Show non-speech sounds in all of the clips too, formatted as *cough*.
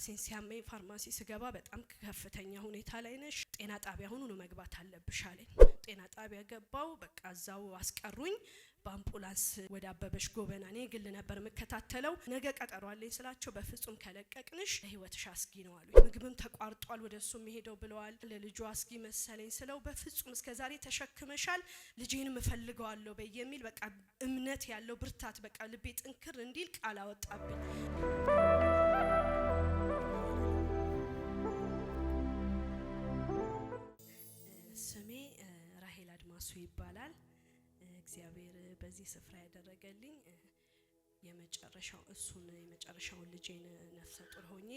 ራሴን ሲያመኝ ፋርማሲ ስገባ በጣም ከፍተኛ ሁኔታ ላይ ነሽ፣ ጤና ጣቢያ ሁኑ ነው መግባት አለብሽ አለኝ። ጤና ጣቢያ ገባው። በቃ እዛው አስቀሩኝ በአምቡላንስ ወደ አበበሽ ጎበና። እኔ ግል ነበር የምከታተለው። ነገ ቀጠሮ አለኝ ስላቸው በፍጹም ከለቀቅንሽ ለህይወትሽ አስጊ ነው አሉ። ምግብም ተቋርጧል፣ ወደ እሱ የሚሄደው ብለዋል። ለልጁ አስጊ መሰለኝ ስለው በፍጹም እስከ ዛሬ ተሸክመሻል፣ ልጄንም እፈልገዋለሁ በይ የሚል በቃ እምነት ያለው ብርታት በቃ ልቤ ጥንክር እንዲል ቃል አወጣብኝ። ይባላል። እግዚአብሔር በዚህ ስፍራ ያደረገልኝ የመጨረሻው እሱን የመጨረሻውን ልጄን ነፍሰ ጡር ሆኜ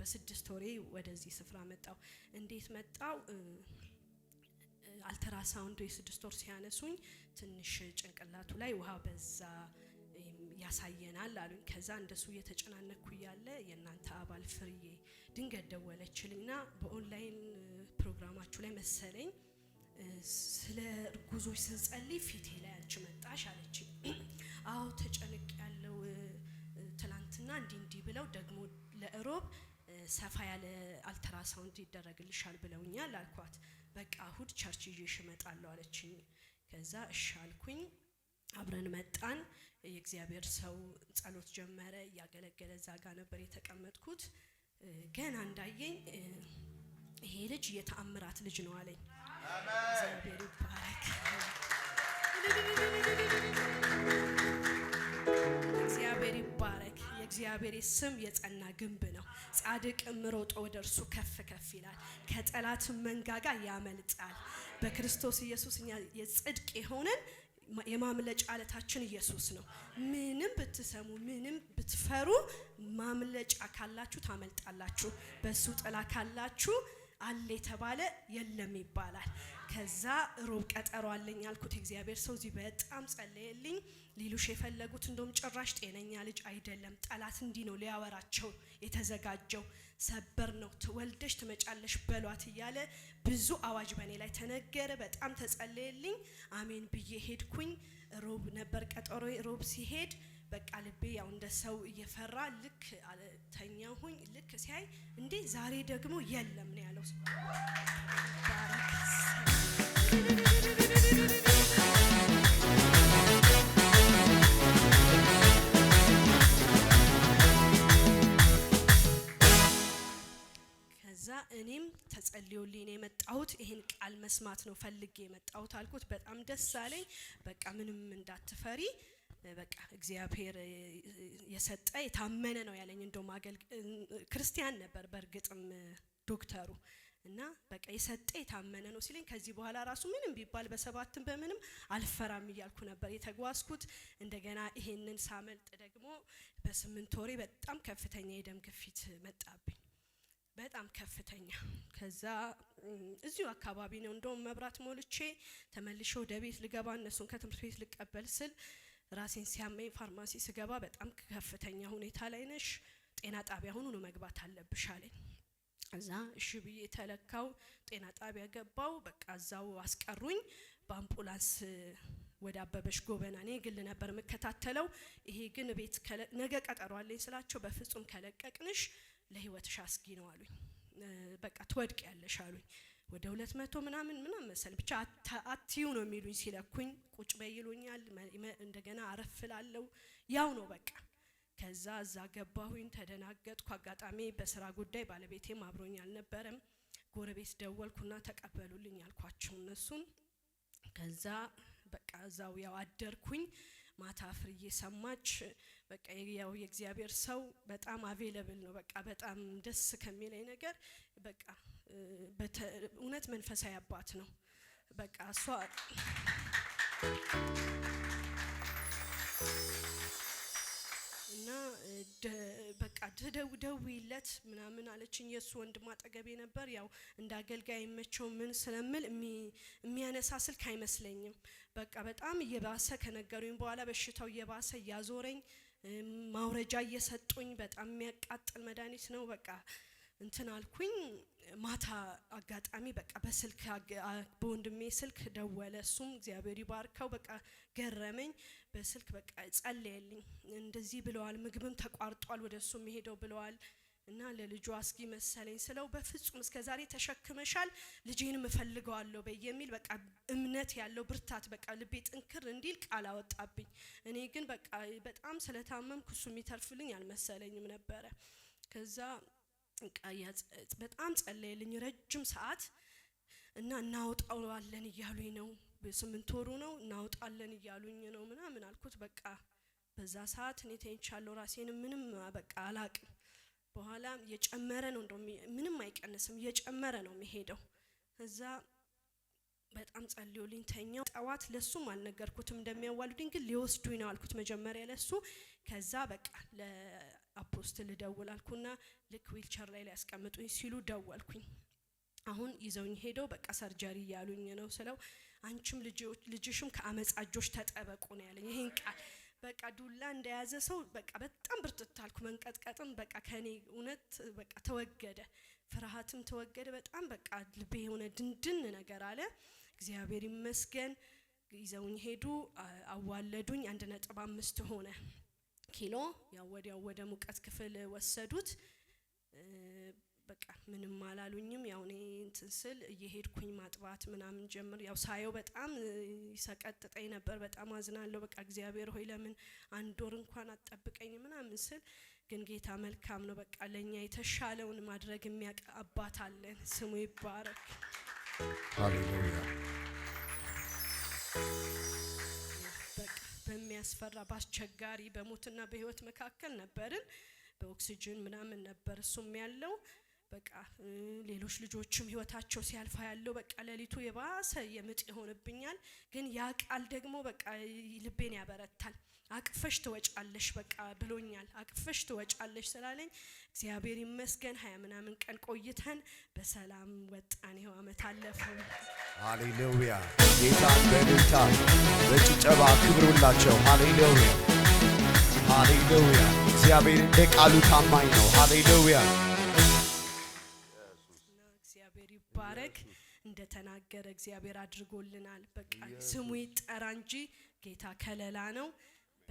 በስድስት ወሬ ወደዚህ ስፍራ መጣው። እንዴት መጣው? አልትራሳውንድ የስድስት ወር ሲያነሱኝ ትንሽ ጭንቅላቱ ላይ ውሃ በዛ ያሳየናል አሉኝ። ከዛ እንደሱ እየተጨናነኩ እያለ የእናንተ አባል ፍርዬ ድንገት ደወለችልኝና በኦንላይን ፕሮግራማችሁ ላይ መሰለኝ ስለ እርጉዞች ስንጸልይ ፊቴ ላይ አንቺ መጣሽ አለች። *clears throat* አዎ ተጨንቅ ያለው ትናንትና እንዲህ እንዲህ ብለው ደግሞ ለእሮብ ሰፋ ያለ አልትራሳውንድ ይደረግልሻል ብለውኛል አልኳት። በቃ እሁድ ቸርች ይዤሽ እመጣለሁ አለችኝ። ከዛ እሺ አልኩኝ። አብረን መጣን። የእግዚአብሔር ሰው ጸሎት ጀመረ እያገለገለ። እዛ ነበር የተቀመጥኩት። ገና እንዳየኝ ይሄ ልጅ የተአምራት ልጅ ነው አለኝ። እግዚአብሔር ይባረክ። የእግዚአብሔር ስም የጸና ግንብ ነው። ጻድቅም ሮጦ ወደ እርሱ ከፍ ከፍ ይላል፣ ከጠላትም መንጋጋ ያመልጣል። በክርስቶስ ኢየሱስ እኛ የጽድቅ የሆነን የማምለጫ አለታችን ኢየሱስ ነው። ምንም ብትሰሙ ምንም ብትፈሩ ማምለጫ ካላችሁ ታመልጣላችሁ። በእሱ ጥላ ካላችሁ አለ የተባለ የለም ይባላል። ከዛ ሮብ ቀጠሮ አለኝ አልኩት። እግዚአብሔር ሰው እዚህ በጣም ጸለየልኝ። ሌሎች የፈለጉት እንደውም ጭራሽ ጤነኛ ልጅ አይደለም። ጠላት እንዲህ ነው ሊያወራቸው የተዘጋጀው። ሰበር ነው ትወልደሽ ትመጫለሽ በሏት እያለ ብዙ አዋጅ በእኔ ላይ ተነገረ። በጣም ተጸለየልኝ። አሜን ብዬ ሄድኩኝ። ሮብ ነበር ቀጠሮ። ሮብ ሲሄድ በቃ ልቤ ያው እንደ ሰው እየፈራ ልክ ተኛሁኝ። ልክ ሲያይ እንዴ ዛሬ ደግሞ የለም ክርስቶስ ከዛ እኔም ተጸልዮልኝ ነው የመጣሁት። ይህን ቃል መስማት ነው ፈልጌ የመጣሁት አልኩት። በጣም ደስ አለኝ። በቃ ምንም እንዳትፈሪ በቃ እግዚአብሔር የሰጠ የታመነ ነው ያለኝ። እንደውም ክርስቲያን ነበር በእርግጥም ዶክተሩ እና በቃ የሰጠ የታመነ ነው ሲለኝ ከዚህ በኋላ ራሱ ምንም ቢባል በሰባትም በምንም አልፈራም እያልኩ ነበር የተጓዝኩት። እንደገና ይሄንን ሳመልጥ ደግሞ በስምንት ወሬ በጣም ከፍተኛ የደም ግፊት መጣብኝ። በጣም ከፍተኛ። ከዛ እዚሁ አካባቢ ነው እንደውም መብራት ሞልቼ ተመልሼ ወደ ቤት ልገባ እነሱን ከትምህርት ቤት ልቀበል ስል ራሴን ሲያመኝ ፋርማሲ ስገባ በጣም ከፍተኛ ሁኔታ ላይ ነሽ፣ ጤና ጣቢያ ሁኑ ነው መግባት አለብሻለኝ። እዛ እሺ ብዬ ተለካው፣ ጤና ጣቢያ ገባው። በቃ እዛው አስቀሩኝ በአምቡላንስ ወደ አበበሽ ጎበና። እኔ ግል ነበር የምከታተለው። ይሄ ግን ቤት ነገ ቀጠሮ አለኝ ስላቸው በፍጹም ከለቀቅንሽ ለህይወትሽ አስጊ ነው አሉኝ። በቃ ትወድቅ ያለሽ አሉኝ። ወደ ሁለት መቶ ምናምን ምናምን መሰል ብቻ አትዩ ነው የሚሉኝ። ሲለኩኝ ቁጭ በይሉኛል። እንደገና አረፍላለው። ያው ነው በቃ ከዛ እዛ ገባሁኝ፣ ተደናገጥኩ። አጋጣሚ በስራ ጉዳይ ባለቤቴም አብሮኝ አልነበረም። ጎረቤት ደወልኩና ተቀበሉልኝ ያልኳቸው እነሱን። ከዛ በቃ እዛው ያው አደርኩኝ። ማታ ፍርዬ ሰማች። በቃ ያው የእግዚአብሔር ሰው በጣም አቬለብል ነው። በቃ በጣም ደስ ከሚለኝ ነገር በቃ እውነት መንፈሳዊ አባት ነው። በቃ እሷ እና በቃ ደውይለት ምናምን አለችኝ። የእሱ ወንድም አጠገቤ ነበር። ያው እንደ አገልጋይ ምን ስለምል የሚያነሳ ስልክ አይመስለኝም። በቃ በጣም እየባሰ ከነገሩኝ በኋላ በሽታው እየባሰ እያዞረኝ ማውረጃ እየሰጡኝ በጣም የሚያቃጥል መድኃኒት ነው በቃ እንትን አልኩኝ። ማታ አጋጣሚ በቃ በስልክ በወንድሜ ስልክ ደወለ። እሱም እግዚአብሔር ይባርከው በቃ ገረመኝ። በስልክ በቃ ጸለየልኝ። እንደዚህ ብለዋል፣ ምግብም ተቋርጧል፣ ወደ እሱ ሄደው ብለዋል እና ለልጁ አስጊ መሰለኝ ስለው በፍጹም እስከ ዛሬ ተሸክመሻል፣ ልጄንም እፈልገዋለሁ በየሚል በቃ እምነት ያለው ብርታት በቃ ልቤ ጥንክር እንዲል ቃል አወጣብኝ። እኔ ግን በቃ በጣም ስለታመምኩ እሱ የሚተርፍልኝ አልመሰለኝም ነበረ ከዛ በጣም ጸለየልኝ ረጅም ሰዓት እና እናወጣዋለን እያሉኝ ነው። ስምንት ወሩ ነው እናወጣለን እያሉኝ ነው ምናምን አልኩት። በቃ በዛ ሰዓት እኔ ተኝቻለሁ። ራሴንም ምንም በቃ አላቅም። በኋላ እየጨመረ ነው እንደውም ምንም አይቀንስም፣ እየጨመረ ነው የሚሄደው። እዛ በጣም ጸልዮልኝ ተኛው። ጠዋት ለሱም አልነገርኩትም እንደሚያዋልዱኝ፣ ግን ሊወስዱኝ ነው አልኩት መጀመሪያ ለሱ። ከዛ በቃ አፖስትል ደውል ልክ ዊልቸር ላይ ሊያስቀምጡኝ ሲሉ ደወልኩኝ። አሁን ይዘውኝ ሄደው በቃ ሰርጀሪ እያሉኝ ነው ስለው አንቺም ልጅሽም ከአመጻ ተጠበቁ ነው ያለኝ። ይህን ቃል በቃ ዱላ እንደያዘ ሰው በቃ በጣም ብርትታልኩ። መንቀጥቀጥም በቃ ከኔ እውነት በቃ ተወገደ፣ ፍርሃትም ተወገደ። በጣም በቃ ልቤ የሆነ ድንድን ነገር አለ። እግዚአብሔር ይመስገን። ይዘውኝ ሄዱ፣ አዋለዱኝ። አንድ ነጥብ አምስት ሆነ። ኪሎ ያው ወዲያው ወደ ሙቀት ክፍል ወሰዱት። በቃ ምንም አላሉኝም። ያው እኔ እንትን ስል እየሄድኩኝ ማጥባት ምናምን ጀምር። ያው ሳየው በጣም ሰቀጥጠኝ ነበር። በጣም አዝናለሁ። በቃ እግዚአብሔር ሆይ ለምን አንድ ወር እንኳን አጠብቀኝ ምናምን ስል፣ ግን ጌታ መልካም ነው። በቃ ለእኛ የተሻለውን ማድረግ የሚያውቅ አባት አለን። ስሙ ይባረክ። ሃሌሉያ በሚያስፈራ በአስቸጋሪ በሞትና በህይወት መካከል ነበርን። በኦክሲጅን ምናምን ነበር እሱም ያለው በቃ ሌሎች ልጆችም ህይወታቸው ሲያልፋ ያለው በቃ ሌሊቱ የባሰ የምጥ ይሆንብኛል። ግን ያ ቃል ደግሞ በቃ ልቤን ያበረታል። አቅፈሽ ትወጫለሽ በቃ ብሎኛል። አቅፈሽ ትወጫለሽ ስላለኝ እግዚአብሔር ይመስገን። ሀያ ምናምን ቀን ቆይተን በሰላም ወጣን። ይኸው አመት አለፈ። ሃሌሉያ! ጌታ በእልልታ በጭጨባ ክብሩላቸው። ሃሌሉያ! ሃሌሉያ! እግዚአብሔር እንደ ቃሉ ታማኝ ነው። ሃሌሉያ! እንደተናገረ እግዚአብሔር አድርጎልናል። በቃ ስሙ ይጠራ እንጂ ጌታ ከለላ ነው።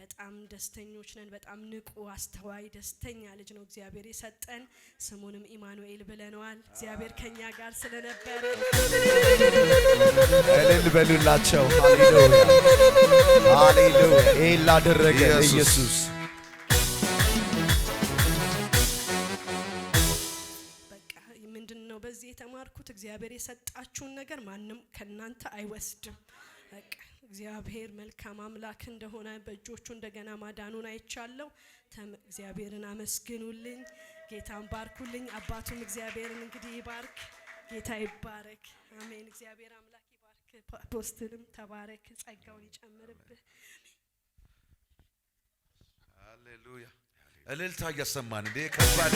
በጣም ደስተኞች ነን። በጣም ንቁ፣ አስተዋይ፣ ደስተኛ ልጅ ነው እግዚአብሔር የሰጠን። ስሙንም ኢማኑኤል ብለነዋል። እግዚአብሔር ከኛ ጋር ስለነበረ እልል በሉላቸው። ሃሌሉያ ሃሌሉያ! ይሄን ላደረገ ኢየሱስ እግዚአብሔር የሰጣችሁን ነገር ማንም ከእናንተ አይወስድም። እግዚአብሔር መልካም አምላክ እንደሆነ በእጆቹ እንደገና ማዳኑን አይቻለሁ። እግዚአብሔርን አመስግኑልኝ፣ ጌታን ባርኩልኝ። አባቱም እግዚአብሔርን እንግዲህ ይባርክ። ጌታ ይባረክ። አሜን። እግዚአብሔር አምላክ ይባርክ። ፖስትንም ተባረክ፣ ጸጋውን ይጨምርብህ። ሃሌሉያ። እልልታ እያሰማን እንዴ ከባድ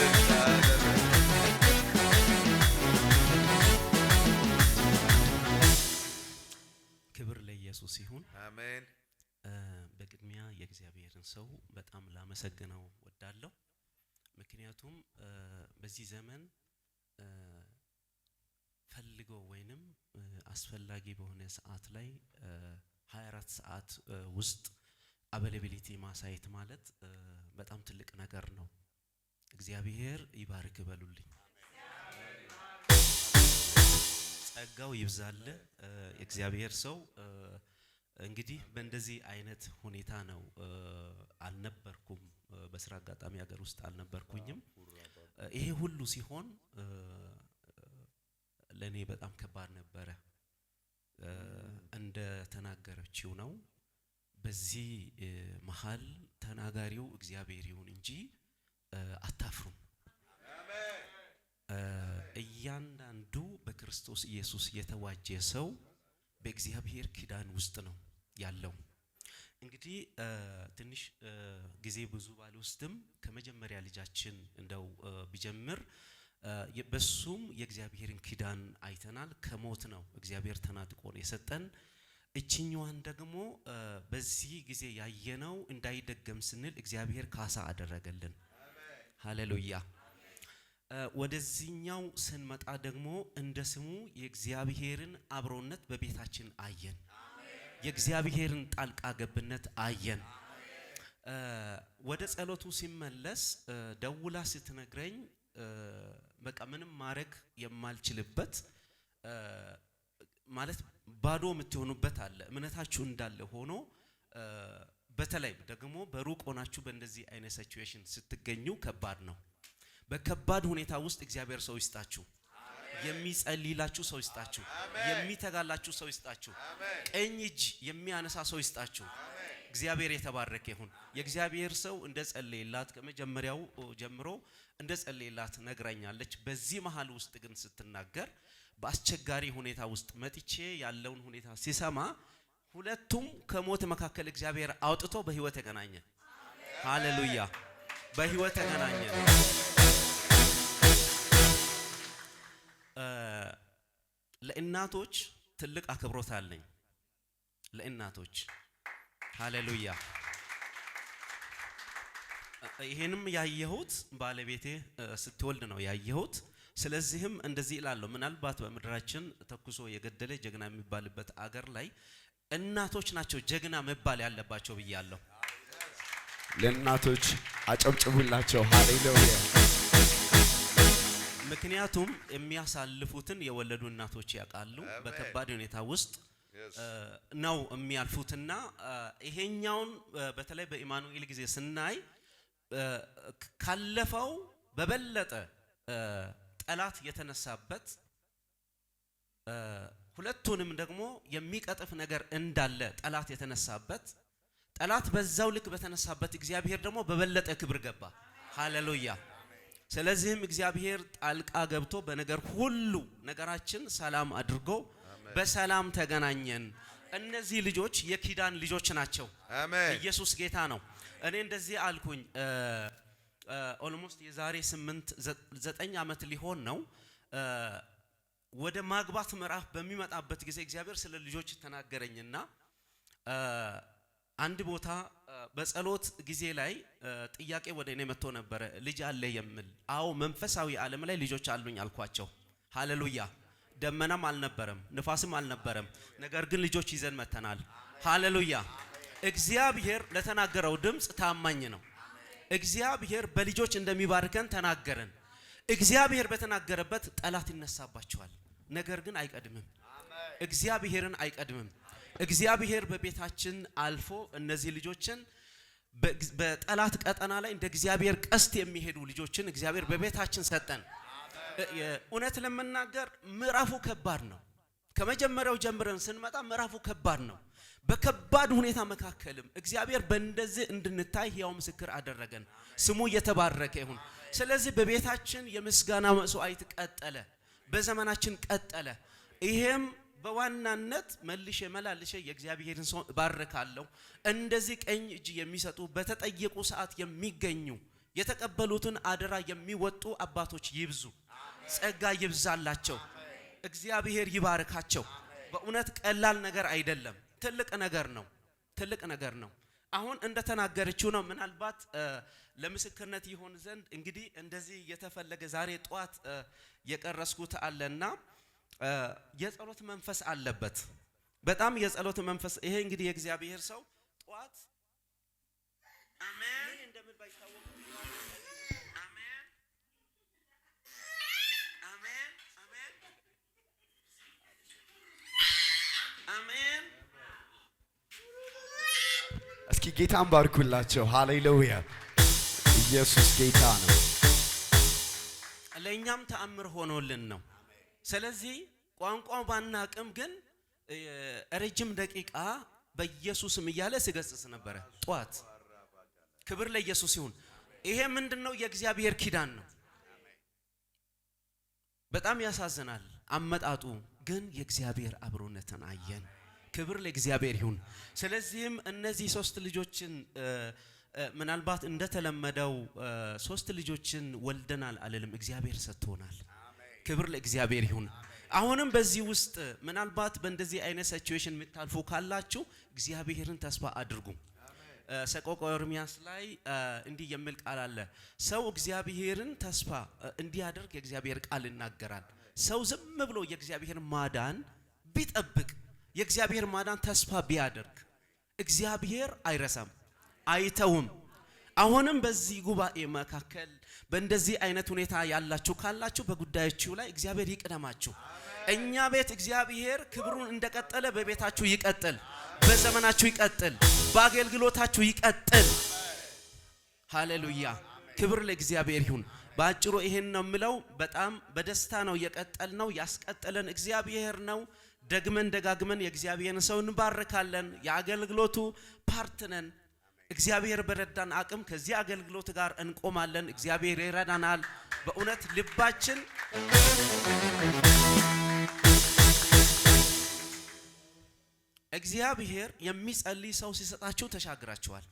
ክብር ለኢየሱስ ይሁን። አሜን። በቅድሚያ የእግዚአብሔርን ሰው በጣም ላመሰግነው ወዳለሁ። ምክንያቱም በዚህ ዘመን ፈልገው ወይንም አስፈላጊ በሆነ ሰዓት ላይ 24 ሰዓት ውስጥ አቬላቢሊቲ ማሳየት ማለት በጣም ትልቅ ነገር ነው። እግዚአብሔር ይባርክ በሉልኝ። ጸጋው ይብዛል። የእግዚአብሔር ሰው እንግዲህ በእንደዚህ አይነት ሁኔታ ነው አልነበርኩም። በስራ አጋጣሚ ሀገር ውስጥ አልነበርኩኝም። ይሄ ሁሉ ሲሆን ለእኔ በጣም ከባድ ነበረ። እንደ ተናገረችው ነው። በዚህ መሀል ተናጋሪው እግዚአብሔር ይሁን እንጂ አታፍሩም። እያንዳንዱ በክርስቶስ ኢየሱስ የተዋጀ ሰው በእግዚአብሔር ኪዳን ውስጥ ነው ያለው። እንግዲህ ትንሽ ጊዜ ብዙ ባልወስድም ከመጀመሪያ ልጃችን እንደው ቢጀምር በሱም የእግዚአብሔርን ኪዳን አይተናል። ከሞት ነው እግዚአብሔር ተናጥቆ ነው የሰጠን። እችኛዋን ደግሞ በዚህ ጊዜ ያየነው እንዳይደገም ስንል እግዚአብሔር ካሳ አደረገልን። ሀሌሉያ። ወደዚህኛው ስንመጣ ደግሞ እንደ ስሙ የእግዚአብሔርን አብሮነት በቤታችን አየን። የእግዚአብሔርን ጣልቃ ገብነት አየን። ወደ ጸሎቱ ሲመለስ ደውላ ስትነግረኝ በቃ ምንም ማድረግ የማልችልበት ማለት ባዶ የምትሆኑበት አለ። እምነታችሁ እንዳለ ሆኖ በተለይ ደግሞ በሩቅ ሆናችሁ በእንደዚህ አይነት ሲዌሽን ስትገኙ ከባድ ነው። በከባድ ሁኔታ ውስጥ እግዚአብሔር ሰው ይስጣችሁ። የሚጸልይላችሁ ሰው ይስጣችሁ። የሚተጋላችሁ ሰው ይስጣችሁ። ቀኝ እጅ የሚያነሳ ሰው ይስጣችሁ። እግዚአብሔር የተባረከ ይሁን። የእግዚአብሔር ሰው እንደ ጸለየላት ከመጀመሪያው ጀምሮ እንደ ጸለየላት ነግራኛለች። በዚህ መሀል ውስጥ ግን ስትናገር በአስቸጋሪ ሁኔታ ውስጥ መጥቼ ያለውን ሁኔታ ሲሰማ ሁለቱም ከሞት መካከል እግዚአብሔር አውጥቶ በህይወት ተገናኘ። ሃሌሉያ! በህይወት ተገናኘ። ለእናቶች ትልቅ አክብሮት አለኝ። ለእናቶች ሃሌሉያ። ይሄንም ያየሁት ባለቤቴ ስትወልድ ነው ያየሁት። ስለዚህም እንደዚህ እላለሁ፣ ምናልባት በምድራችን ተኩሶ የገደለ ጀግና የሚባልበት አገር ላይ እናቶች ናቸው ጀግና መባል ያለባቸው ብያለሁ። ለእናቶች አጨብጭቡላቸው። ሃሌሉያ ምክንያቱም የሚያሳልፉትን የወለዱ እናቶች ያውቃሉ። በከባድ ሁኔታ ውስጥ ነው የሚያልፉትና ይሄኛውን በተለይ በኢማኑኤል ጊዜ ስናይ ካለፈው በበለጠ ጠላት የተነሳበት ሁለቱንም ደግሞ የሚቀጥፍ ነገር እንዳለ ጠላት የተነሳበት ጠላት በዛው ልክ በተነሳበት እግዚአብሔር ደግሞ በበለጠ ክብር ገባ። ሃሌሉያ ስለዚህም እግዚአብሔር ጣልቃ ገብቶ በነገር ሁሉ ነገራችን ሰላም አድርጎ በሰላም ተገናኘን። እነዚህ ልጆች የኪዳን ልጆች ናቸው። ኢየሱስ ጌታ ነው። እኔ እንደዚህ አልኩኝ። ኦልሞስት የዛሬ ስምንት ዘጠኝ ዓመት ሊሆን ነው። ወደ ማግባት ምዕራፍ በሚመጣበት ጊዜ እግዚአብሔር ስለ ልጆች ተናገረኝና አንድ ቦታ በጸሎት ጊዜ ላይ ጥያቄ ወደ እኔ መጥቶ ነበረ። ልጅ አለ የሚል አዎ፣ መንፈሳዊ ዓለም ላይ ልጆች አሉኝ አልኳቸው። ሃሌሉያ። ደመናም አልነበረም ንፋስም አልነበረም፣ ነገር ግን ልጆች ይዘን መተናል። ሃሌሉያ። እግዚአብሔር ለተናገረው ድምፅ ታማኝ ነው። እግዚአብሔር በልጆች እንደሚባርከን ተናገረን። እግዚአብሔር በተናገረበት ጠላት ይነሳባቸዋል፣ ነገር ግን አይቀድምም። እግዚአብሔርን አይቀድምም። እግዚአብሔር በቤታችን አልፎ እነዚህ ልጆችን በጠላት ቀጠና ላይ እንደ እግዚአብሔር ቀስት የሚሄዱ ልጆችን እግዚአብሔር በቤታችን ሰጠን። እውነት ለመናገር ምዕራፉ ከባድ ነው። ከመጀመሪያው ጀምረን ስንመጣ ምዕራፉ ከባድ ነው። በከባድ ሁኔታ መካከልም እግዚአብሔር በእንደዚህ እንድንታይ ሕያው ምስክር አደረገን። ስሙ እየተባረከ ይሁን። ስለዚህ በቤታችን የምስጋና መስዋዕት ቀጠለ፣ በዘመናችን ቀጠለ። ይሄም በዋናነት መልሼ መላልሼ የእግዚአብሔርን ሰው እባርካለሁ። እንደዚህ ቀኝ እጅ የሚሰጡ በተጠየቁ ሰዓት የሚገኙ የተቀበሉትን አደራ የሚወጡ አባቶች ይብዙ፣ ጸጋ ይብዛላቸው፣ እግዚአብሔር ይባርካቸው። በእውነት ቀላል ነገር አይደለም፣ ትልቅ ነገር ነው፣ ትልቅ ነገር ነው። አሁን እንደተናገረችው ነው። ምናልባት ለምስክርነት ይሆን ዘንድ እንግዲህ እንደዚህ የተፈለገ ዛሬ ጠዋት የቀረስኩት አለና የጸሎት መንፈስ አለበት። በጣም የጸሎት መንፈስ ይሄ እንግዲህ የእግዚአብሔር ሰው ጠዋት አሜን እስኪ ጌታን ባርኩላቸው። ሃሌሉያ! ኢየሱስ ጌታ ነው። ለእኛም ተአምር ሆኖልን ነው። ስለዚህ ቋንቋ ባናቅም ግን ረጅም ደቂቃ በኢየሱስም እያለ ስገስጽ ነበረ ጠዋት። ክብር ለኢየሱስ ይሁን። ይሄ ምንድን ነው? የእግዚአብሔር ኪዳን ነው። በጣም ያሳዝናል አመጣጡ፣ ግን የእግዚአብሔር አብሮነትን አየን። ክብር ለእግዚአብሔር ይሁን። ስለዚህም እነዚህ ሶስት ልጆችን ምናልባት እንደተለመደው ሶስት ልጆችን ወልደናል አልልም፣ እግዚአብሔር ሰጥቶናል። ክብር ለእግዚአብሔር ይሁን። አሁንም በዚህ ውስጥ ምናልባት በእንደዚህ አይነት ሲቹዌሽን የምታልፉ ካላችሁ እግዚአብሔርን ተስፋ አድርጉ። ሰቆቃ ኤርምያስ ላይ እንዲህ የሚል ቃል አለ። ሰው እግዚአብሔርን ተስፋ እንዲያደርግ የእግዚአብሔር ቃል ይናገራል። ሰው ዝም ብሎ የእግዚአብሔር ማዳን ቢጠብቅ፣ የእግዚአብሔር ማዳን ተስፋ ቢያደርግ፣ እግዚአብሔር አይረሳም፣ አይተውም። አሁንም በዚህ ጉባኤ መካከል በእንደዚህ አይነት ሁኔታ ያላችሁ ካላችሁ በጉዳዮችሁ ላይ እግዚአብሔር ይቅደማችሁ። እኛ ቤት እግዚአብሔር ክብሩን እንደቀጠለ በቤታችሁ ይቀጥል፣ በዘመናችሁ ይቀጥል፣ በአገልግሎታችሁ ይቀጥል። ሃሌሉያ! ክብር ለእግዚአብሔር ይሁን። በአጭሩ ይሄን ነው የምለው። በጣም በደስታ ነው እየቀጠል ነው ያስቀጠለን እግዚአብሔር ነው። ደግመን ደጋግመን የእግዚአብሔርን ሰው እንባርካለን። የአገልግሎቱ ፓርትነን እግዚአብሔር በረዳን አቅም ከዚህ አገልግሎት ጋር እንቆማለን። እግዚአብሔር ይረዳናል። በእውነት ልባችን እግዚአብሔር የሚጸልይ ሰው ሲሰጣችሁ ተሻግራችኋል።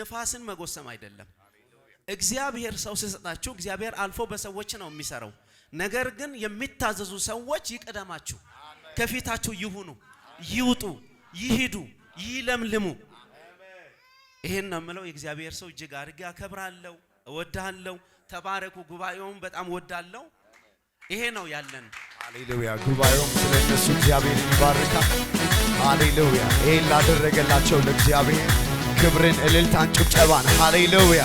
ንፋስን መጎሰም አይደለም። እግዚአብሔር ሰው ሲሰጣችሁ እግዚአብሔር አልፎ በሰዎች ነው የሚሰራው። ነገር ግን የሚታዘዙ ሰዎች ይቅደማችሁ፣ ከፊታችሁ ይሁኑ፣ ይውጡ፣ ይሂዱ፣ ይለምልሙ። ይሄን ነው የምለው። የእግዚአብሔር ሰው እጅግ አድርጌ አከብራለሁ፣ እወዳለሁ። ተባረኩ። ጉባኤውን በጣም እወዳለሁ። ይሄ ነው ያለን። ሃሌሉያ። ጉባኤውም ስለ እነሱ እግዚአብሔር ይባርካል። ሃሌሉያ። ይሄን ላደረገላቸው ለእግዚአብሔር ክብርን፣ እልልታን፣ ጭብጨባን ሃሌሉያ